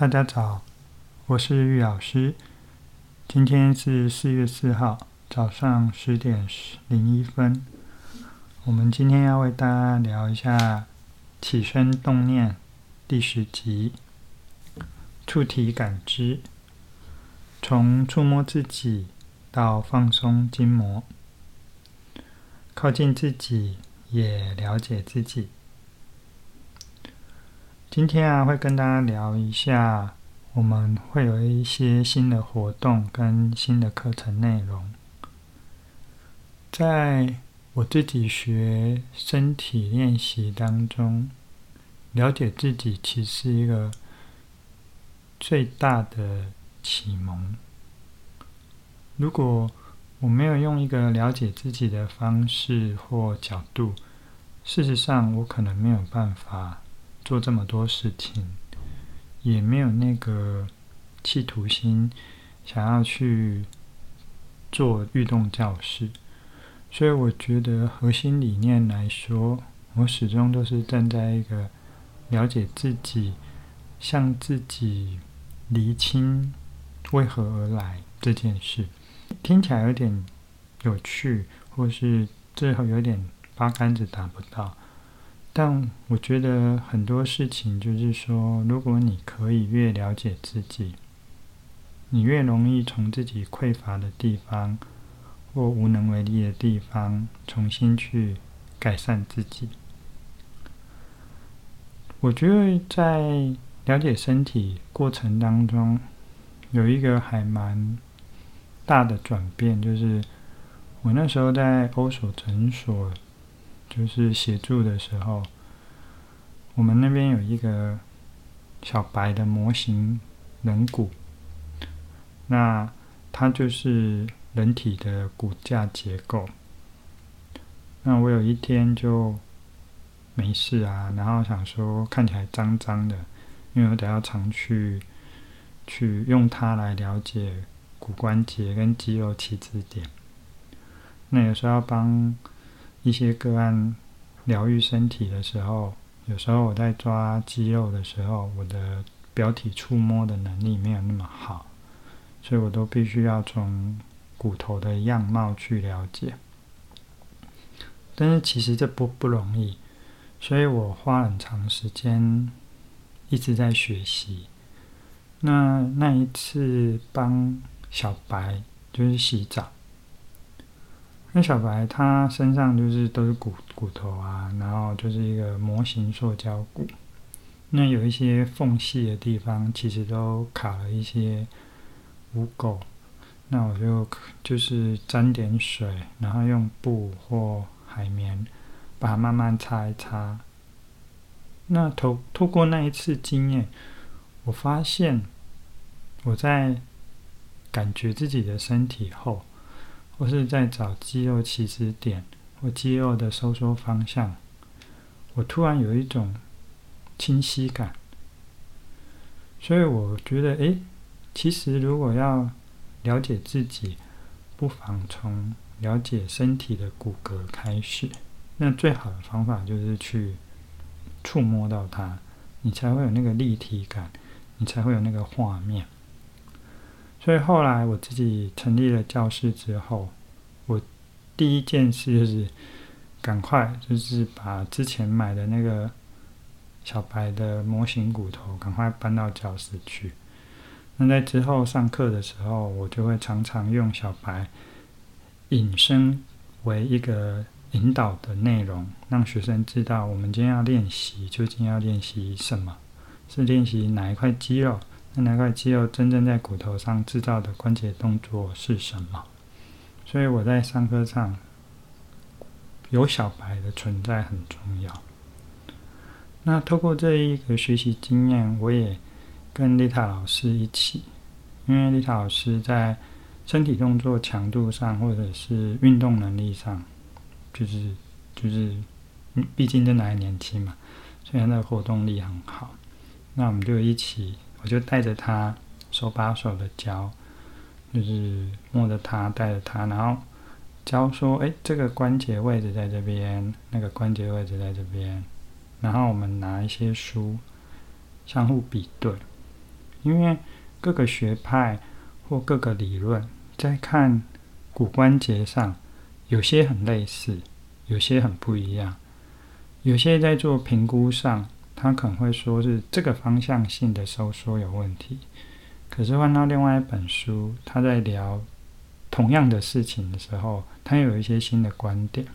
大家早，我是玉老師。今天是四月四號早上十點零一分。我們今天要為大家聊一下《起身動念》第十集——觸體感知，從觸摸自己到放鬆筋膜，靠近自己，也了解自己。今天啊，會跟大家聊一下，我們會有一些新的活動跟新的課程內容。在我自己學身體練習當中，了解自己其實是一個最大的啟蒙。如果我沒有用一個了解自己的方式或角度，事實上我可能沒有辦法。做這麼多事情，也沒有那個企圖心，想要去做運動教室，所以我覺得核心理念來說，我始終都是站在一個了解自己，向自己釐清為何而來這件事，聽起來有點有趣，或是最後有點八竿子打不到。但我覺得很多事情就是說，如果你可以越了解自己，你越容易從自己匱乏的地方或無能為力的地方重新去改善自己。我覺得在了解身體過程當中，有一個還蠻大的轉變，就是我那時候在歐索診所。就是協助的時候，我們那邊有一個小白的模型人骨，那它就是人體的骨架結構。那我有一天就沒事啊，然後想說看起來髒髒的，因為我得要常去去用它來了解骨關節跟肌肉起止點。那有時候要幫。一些個案療癒身體的時候，有時候我在抓肌肉的時候，我的表體觸摸的能力沒有那麼好，所以我都必須要從骨頭的樣貌去了解。但是其實這不不容易，所以我花很長時間一直在學習。那那一次幫小白就是洗澡。那小白他身上就是都是骨骨頭啊，然後就是一個模型塑膠骨，那有一些縫隙的地方其實都卡了一些污垢，那我就就是沾點水，然後用布或海綿把它慢慢擦一擦。那頭，透過那一次經驗，我發現我在感覺自己的身體後。或是在找肌肉起始點，或肌肉的收縮方向，我突然有一種清晰感，所以我覺得，哎，其實如果要了解自己，不妨從了解身體的骨骼開始。那最好的方法就是去觸摸到它，你才會有那個立體感，你才會有那個畫面。所以後來我自己成立了教室之後，我第一件事就是趕快，就是把之前買的那個小白的模型骨頭趕快搬到教室去。那在之後上課的時候，我就會常常用小白引申為一個引導的內容，讓學生知道我們今天要練習究竟要練習什麼，是練習哪一塊肌肉。那哪塊肌肉真正在骨頭上製造的關節動作是什麼？所以我在上課上，有小白的存在很重要。那透過這一個學習經驗，我也跟麗塔老師一起，因為麗塔老師在身體動作強度上，或者是運動能力上，就是就是，畢竟真的還年輕嘛，所以她的活動力很好。那我們就一起。我就帶着他手把手的教，就是摸着他，帶着他，然後教說：“哎，這個關節位置在這邊，那個關節位置在這邊。”然後我們拿一些書相互比對，因為各個學派或各個理論在看骨關節上，有些很類似，有些很不一樣，有些在做評估上。他可能會說：“是這個方向性的收縮有問題。”可是換到另外一本書，他在聊同樣的事情的時候，他又有一些新的觀點。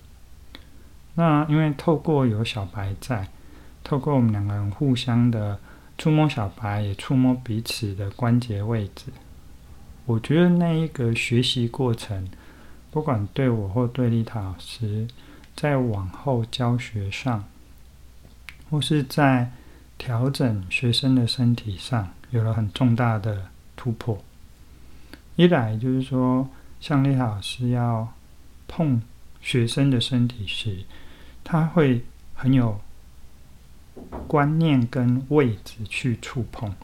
那因為透過有小白在，透過我們兩個人互相的觸摸，小白也觸摸彼此的關節位置。我覺得那一個學習過程，不管對我或對麗塔老師，在往後教學上。或是在調整學生的身體上有了很重大的突破。一來就是說，像麗塔老師要碰學生的身體時，他會很有觀念跟位置去觸碰。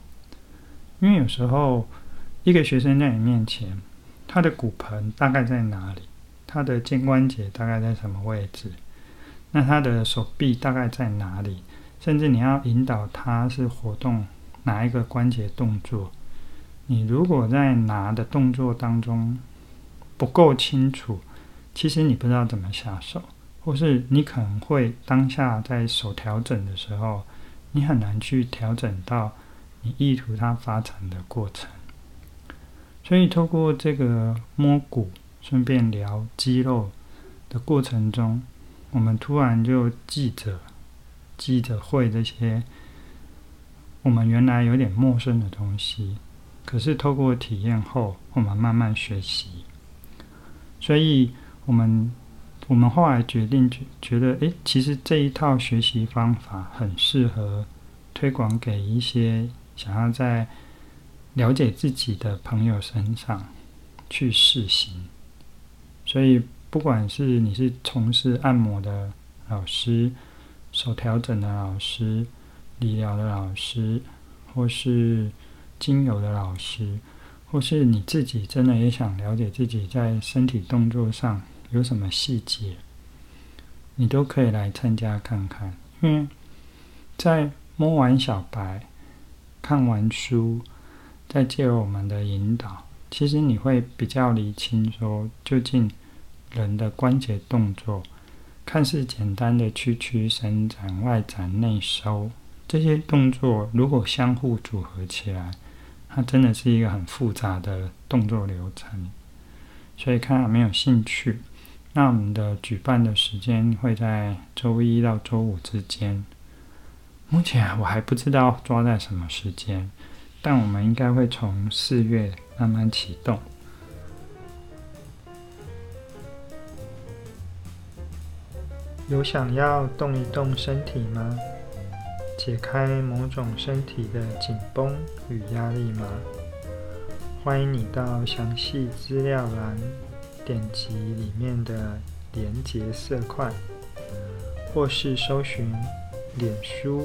因為有時候一個學生在你面前，他的骨盆大概在哪裡？他的肩關節大概在什麼位置？那他的手臂大概在哪裡？甚至你要引導他是活動哪一個關節動作，你如果在拿的動作當中不夠清楚，其實你不知道怎麼下手，或是你可能會當下在手調整的時候，你很難去調整到你意圖它發展的過程。所以透過這個摸骨，順便聊肌肉的過程中，我們突然就記着。記著會，這些，我們原來有點陌生的東西，可是透過體驗後，我們慢慢學習。所以，我們我們後來決定覺得，誒，其實這一套學習方法很適合推廣給一些想要在了解自己的朋友身上去試行。所以，不管是你是從事按摩的老師。手調整的老師、理療的老師，或是精油的老師，或是你自己，真的也想了解自己在身體動作上有什麼細節，你都可以來參加看看。因為在摸完小白、看完書，再借由我們的引導，其實你會比較理清說，究竟人的關節動作。看似簡單的屈曲、伸展、外展、內收這些動作，如果相互組合起來，它真的是一個很複雜的動作流程。所以，看有沒有興趣？那我們的舉辦的時間會在週一到週五之間。目前我還不知道抓在什麼時間，但我們應該會從四月慢慢啟動。有想要動一動身體嗎？解開某種身體的緊繃與壓力嗎？歡迎你到詳細資料欄點擊裡面的連結色塊，或是搜尋臉書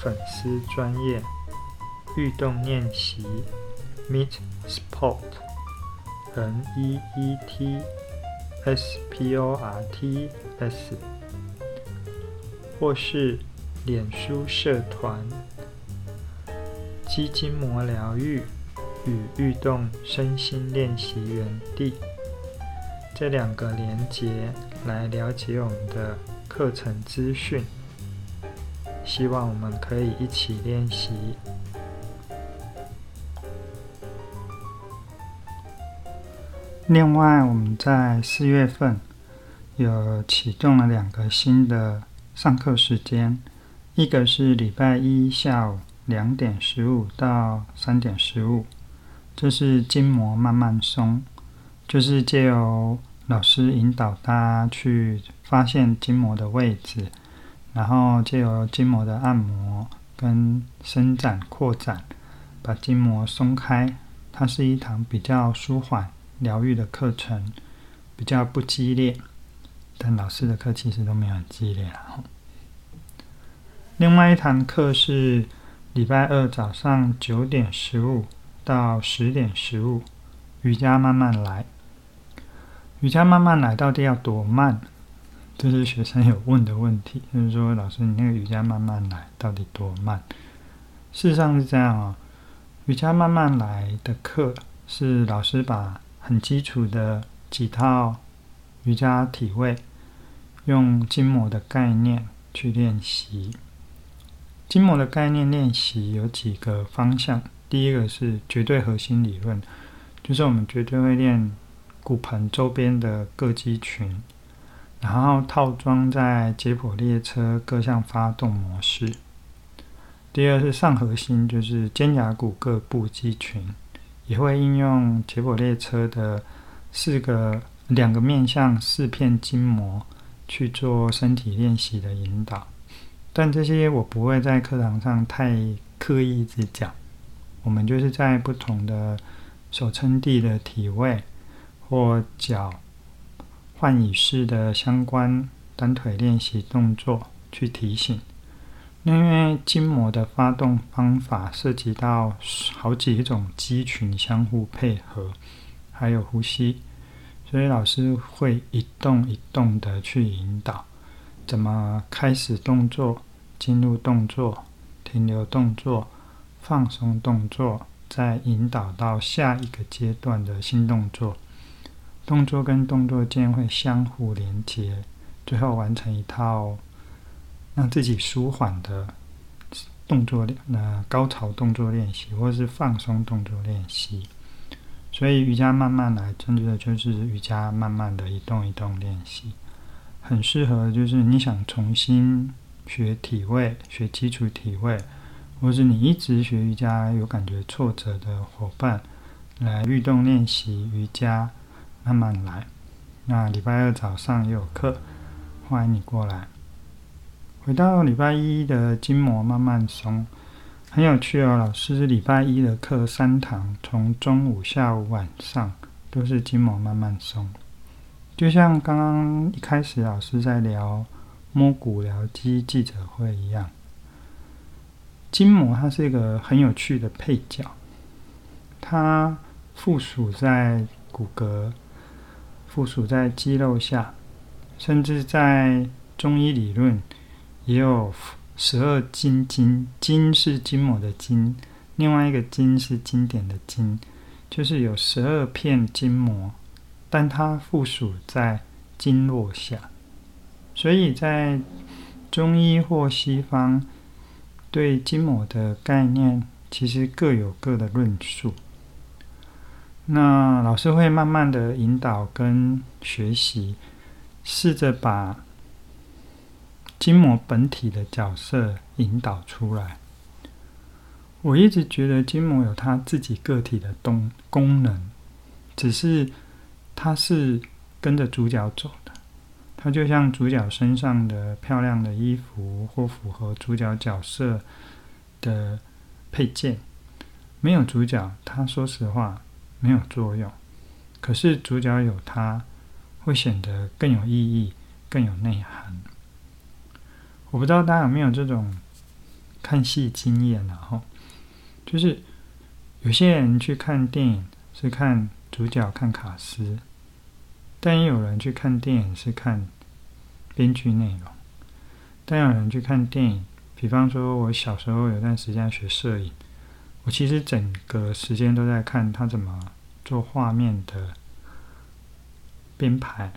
粉絲專業運動練習 Meet Sport M E E T S P O R T S。或是臉書社團、肌筋膜療癒與運動身心練習園地這兩個連結來了解我們的課程資訊，希望我們可以一起練習。另外，我們在四月份有啟動了兩個新的。上課時間，一個是禮拜一下午兩點十五到三點十五，這是筋膜慢慢鬆，就是借由老師引導他去發現筋膜的位置，然後借由筋膜的按摩跟伸展擴展，把筋膜鬆開。它是一堂比較舒緩、療癒的課程，比較不激烈。但老師的課其實都沒有很激烈啊。另外一堂課是禮拜二早上九點十五到十點十五，瑜伽慢慢來。瑜伽慢慢來到底要多慢？這是學生有問的問題，就是說，老師，你那個瑜伽慢慢來到底多慢？事實上是這樣啊、哦，瑜伽慢慢來的課是老師把很基礎的幾套。瑜伽體位，用筋膜的概念去練習。筋膜的概念練習有幾個方向。第一個是絕對核心理論，就是我們絕對會練骨盆周邊的各肌群，然後套裝在解剖列車各項發動模式。第二是上核心，就是肩胛骨各部肌群，也會應用解剖列車的四個。兩個面向四片筋膜去做身體練習的引導，但這些我不會在課堂上太刻意去講。我們就是在不同的手撐地的體位或腳幻椅式的相關單腿練習動作去提醒，因為筋膜的發動方法涉及到好幾種肌群相互配合，還有呼吸。所以老師會一動一動的去引導，怎麼開始動作，進入動作，停留動作，放鬆動作，再引導到下一個階段的新動作。動作跟動作間會相互連接，最後完成一套讓自己舒緩的動作練，呃，高潮動作練習，或是放鬆動作練習。所以瑜伽慢慢來，真的就是瑜伽慢慢的移動、移動練習，很適合就是你想重新學體位、學基礎體位，或是你一直學瑜伽有感覺挫折的夥伴，來律動練習瑜伽，慢慢來。那禮拜二早上也有課，歡迎你過來。回到禮拜一的筋膜慢慢鬆。很有趣哦，老師禮拜一的課三堂，從中午、下午、晚上都是筋膜慢慢鬆。就像剛剛一開始老師在聊摸骨聊肌記者會一樣，筋膜它是一個很有趣的配角，它附屬在骨骼，附屬在肌肉下，甚至在中醫理論也有附。十二經筋，筋是筋膜的筋，另外一個筋是經典的筋，就是有十二片筋膜，但它附屬在經絡下，所以在中醫或西方對筋膜的概念，其實各有各的論述。那老師會慢慢的引導跟學習，試着把。筋膜本體的角色引導出來。我一直覺得筋膜有它自己個體的東功能，只是它是跟着主角走的。它就像主角身上的漂亮的衣服或符合主角角色的配件。沒有主角，它說實話沒有作用。可是主角有它，會顯得更有意義、更有內涵。我不知道大家有沒有這種看戲經驗啊，然後就是有些人去看電影是看主角、看卡司，但也有人去看電影是看編劇內容。但有人去看電影，比方說我小時候有段時間學攝影，我其實整個時間都在看他怎麼做畫面的編排、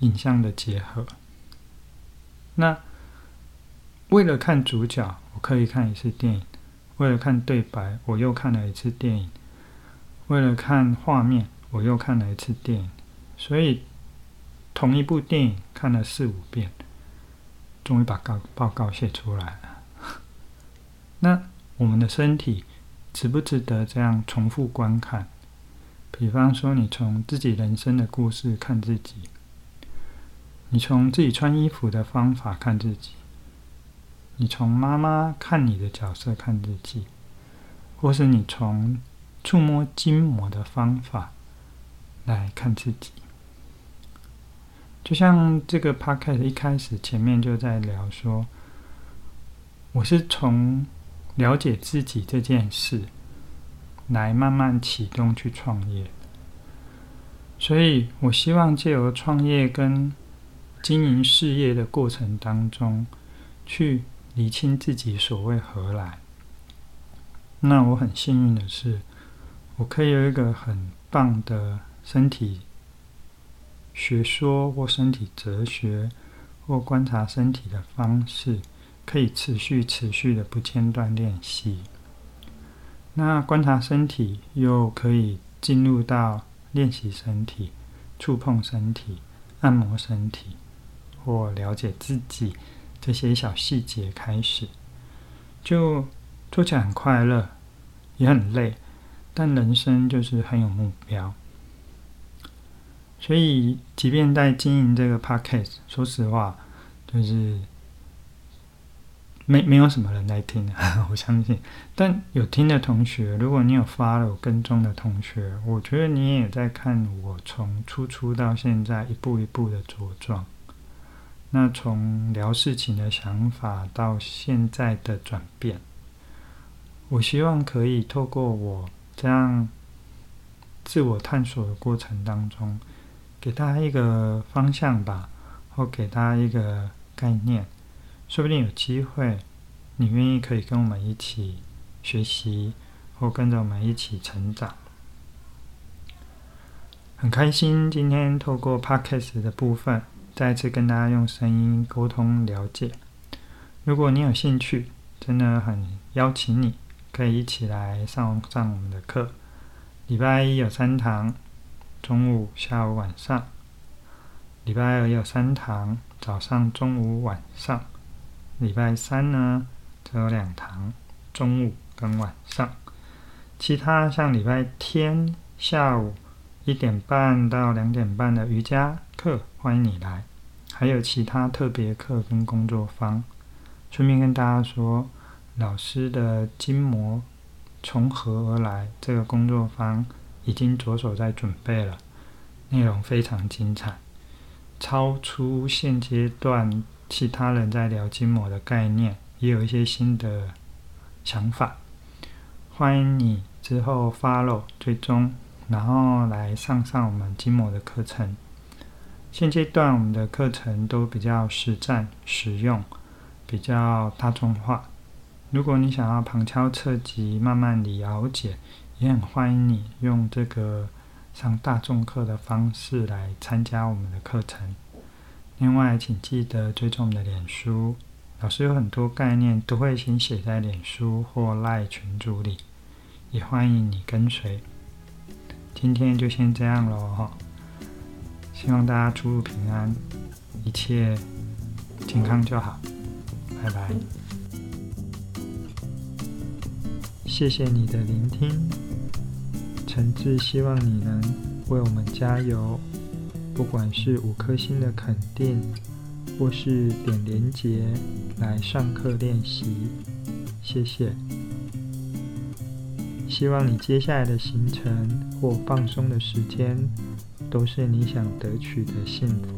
影像的結合。那為了看主角，我可以看一次電影；為了看對白，我又看了一次電影；為了看畫面，我又看了一次電影。所以，同一部電影看了四五遍，終於把告報告寫出來了。 那我們的身體值不值得這樣重複觀看？比方說，你從自己人生的故事看自己；你從自己穿衣服的方法看自己。你從媽媽看你的角色看自己，或是你從觸摸筋膜的方法來看自己，就像這個 podcast 一開始前面就在聊說，我是從了解自己這件事來慢慢啟動去創業，所以我希望借由創業跟經營事業的過程當中去。釐清自己所謂何來。那我很幸運的是，我可以有一個很棒的身體學說或身體哲學，或觀察身體的方式，可以持續持續的不間斷練習。那觀察身體又可以進入到練習身體、觸碰身體、按摩身體，或了解自己。這些小細節開始，就做起來很快樂，也很累，但人生就是很有目標。所以，即便在經營這個 podcast，說實話，就是沒沒有什麼人來聽，我相信。但有聽的同學，如果你有 follow 我跟蹤的同學，我覺得你也在看我從初出到現在一步一步的茁壯。那從聊事情的想法到現在的轉變，我希望可以透過我這樣自我探索的過程當中，給大家一個方向吧，或給大家一個概念。說不定有機會，你願意可以跟我們一起學習，或跟着我們一起成長。很開心今天透過 Podcast 的部分。再次跟大家用聲音溝通了解。如果你有興趣，真的很邀請你可以一起來上上我們的課。禮拜一有三堂，中午、下午、晚上；禮拜二有三堂，早上、中午、晚上；禮拜三呢只有兩堂，中午跟晚上。其他像禮拜天下午一點半到兩點半的瑜伽，課歡迎你來，還有其他特別課跟工作坊，順便跟大家說，老師的筋膜從何而來？這個工作坊已經着手在準備了，內容非常精彩，超出現階段其他人在聊筋膜的概念，也有一些新的想法。歡迎你之後 follow 追蹤，然後來上上我們筋膜的課程。現階段我們的課程都比較實戰、實用，比較大眾化。如果你想要旁敲側擊、慢慢的了解，也很歡迎你用這個上大眾課的方式來參加我們的課程。另外，請記得追蹤我們的臉書，老師有很多概念都會先寫在臉書或 LINE 群組裡，也歡迎你跟隨。今天就先這樣咯。希望大家出入平安，一切健康就好。拜拜，嗯、謝謝你的聆聽。誠摯希望你能為我們加油，不管是五顆星的肯定，或是點連結來上課練習。謝謝。希望你接下來的行程或放鬆的時間，都是你想得取的幸福。